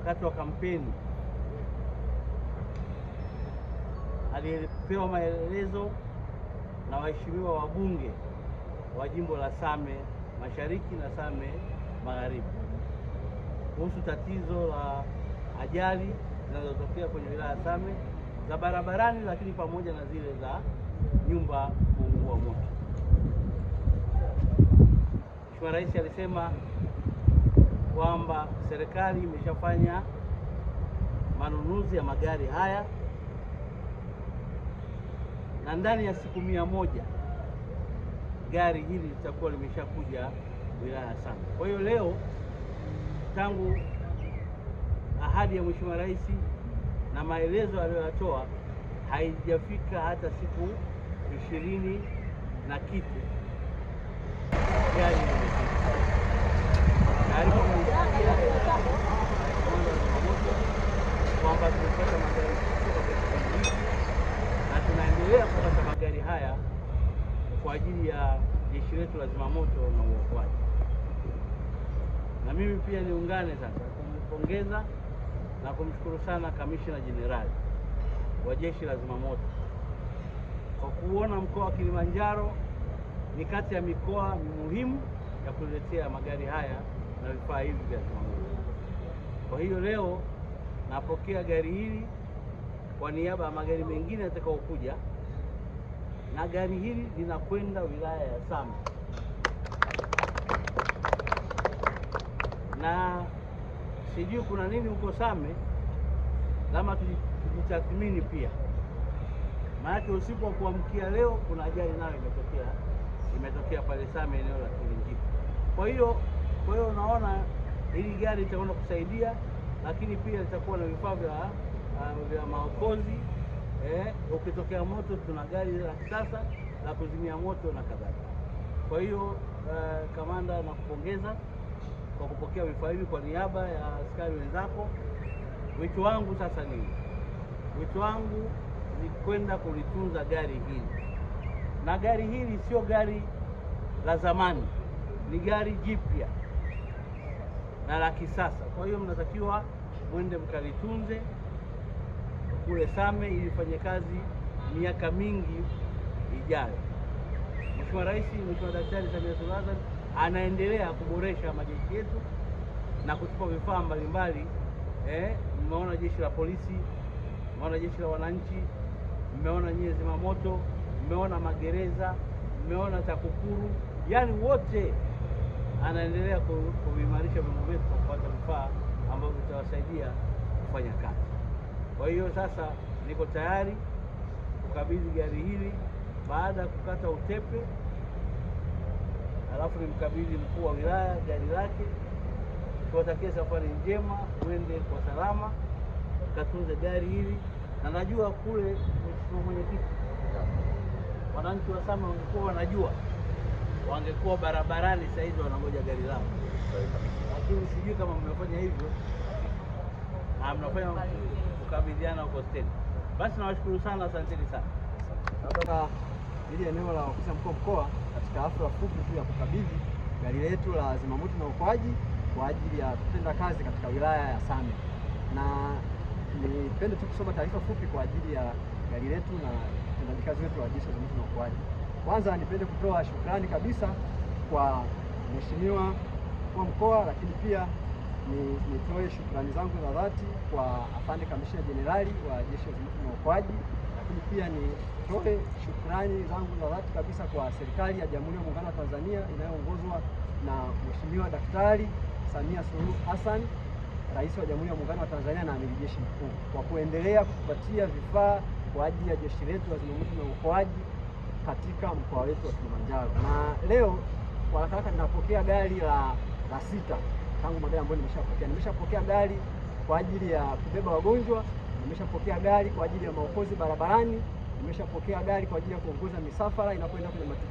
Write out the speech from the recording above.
wakati wa kampeni alipewa maelezo na waheshimiwa wabunge wa jimbo la Same Mashariki na Same Magharibi kuhusu tatizo la ajali zinazotokea kwenye wilaya ya Same za barabarani, lakini pamoja na zile za nyumba kuungua moto. Mheshimiwa Rais alisema kwamba serikali imeshafanya manunuzi ya magari haya na ndani ya siku mia moja gari hili litakuwa limeshakuja wilaya ya Same. Kwa hiyo leo tangu ahadi ya Mheshimiwa Rais na maelezo aliyoyatoa haijafika hata siku ishirini na kitu gari kwamba tumepata magari na tunaendelea kupata magari haya kwa ajili ya jeshi letu la zimamoto na uokoaji. Na mimi pia niungane sasa kumpongeza na kumshukuru sana Kamishna Jenerali wa Jeshi la Zimamoto kwa kuona mkoa wa Kilimanjaro ni kati ya mikoa muhimu ya kuletea magari haya na vifaa hivi vya zimamoto. Kwa hiyo leo napokea gari hili kwa niaba ya magari mengine yatakayokuja, na gari hili linakwenda wilaya ya Same na sijui kuna nini huko Same, lama tujitathmini pia, maanake usiku wa kuamkia leo kuna ajali nayo imetokea imetokea pale Same eneo la Kilingiti. Kwa hiyo kwa hiyo unaona hili gari litakwenda kusaidia, lakini pia litakuwa na vifaa vya ah, vya maokozi eh, ukitokea moto tuna gari la kisasa la kuzimia moto na kadhalika. Kwa hiyo uh, kamanda, nakupongeza kwa kupokea vifaa hivi kwa niaba ya askari wenzako. Wito wangu sasa ni wito wangu ni kwenda kulitunza gari hili na gari hili sio gari la zamani, ni gari jipya na la kisasa. Kwa hiyo mnatakiwa mwende mkalitunze kule Same ili fanye kazi miaka mingi ijayo. Mheshimiwa Rais, Mheshimiwa Daktari Samia Suluhu Hassan anaendelea kuboresha majeshi yetu na kutupa vifaa mbalimbali. Eh, mmeona jeshi la polisi, mmeona jeshi la wananchi, mmeona nyie zimamoto mmeona magereza, mmeona TAKUKURU, yani wote anaendelea kuimarisha vyombo vyetu kwa kupata vifaa ambavyo vitawasaidia kufanya kazi. Kwa hiyo sasa niko tayari kukabidhi gari hili baada ya kukata utepe, alafu nimkabidhi mkuu wa wilaya gari lake. Tuwatakie safari njema, mwende kwa salama, katunze gari hili, na najua kule mheshimiwa mwenye wananchi wa Same wangekuwa wanajua, wangekuwa barabarani sasa hivi wanangoja gari lao, lakini sijui kama mmefanya hivyo na mnafanya kukabidhiana huko stendi. Basi nawashukuru sana, asanteni sana. Nataka ili eneo la ofisi ya mkuu wa mkoa katika hafla fupi tu ya kukabidhi gari letu la zimamoto na uokoaji kwa ajili ya kutenda kazi katika wilaya ya Same, na nipende tu kusoma taarifa fupi kwa ajili ya gari letu na utendaji kazi wetu wa jeshi la na uokoaji. Kwanza nipende kutoa shukrani kabisa kwa mheshimiwa kwa mkoa, lakini pia ni nitoe shukrani zangu za dhati kwa afande kamishna jenerali wa jeshi la zimamoto na uokoaji, lakini pia nitoe shukrani zangu za dhati kabisa kwa serikali ya Jamhuri ya Muungano wa Tanzania inayoongozwa na mheshimiwa Daktari Samia Suluhu Hassan Rais wa Jamhuri ya Muungano wa Tanzania na Amiri Jeshi Mkuu kwa kuendelea kutupatia vifaa kwa ajili ya jeshi letu la zimamoto na uokoaji katika mkoa wetu wa Kilimanjaro. Na leo kwa haraka ninapokea gari la, la sita tangu magari ambayo nimeshapokea. Nimeshapokea gari kwa ajili ya kubeba wagonjwa, nimeshapokea gari kwa ajili ya maokozi barabarani, nimeshapokea gari kwa ajili ya kuongoza misafara inapoenda kwenye matukio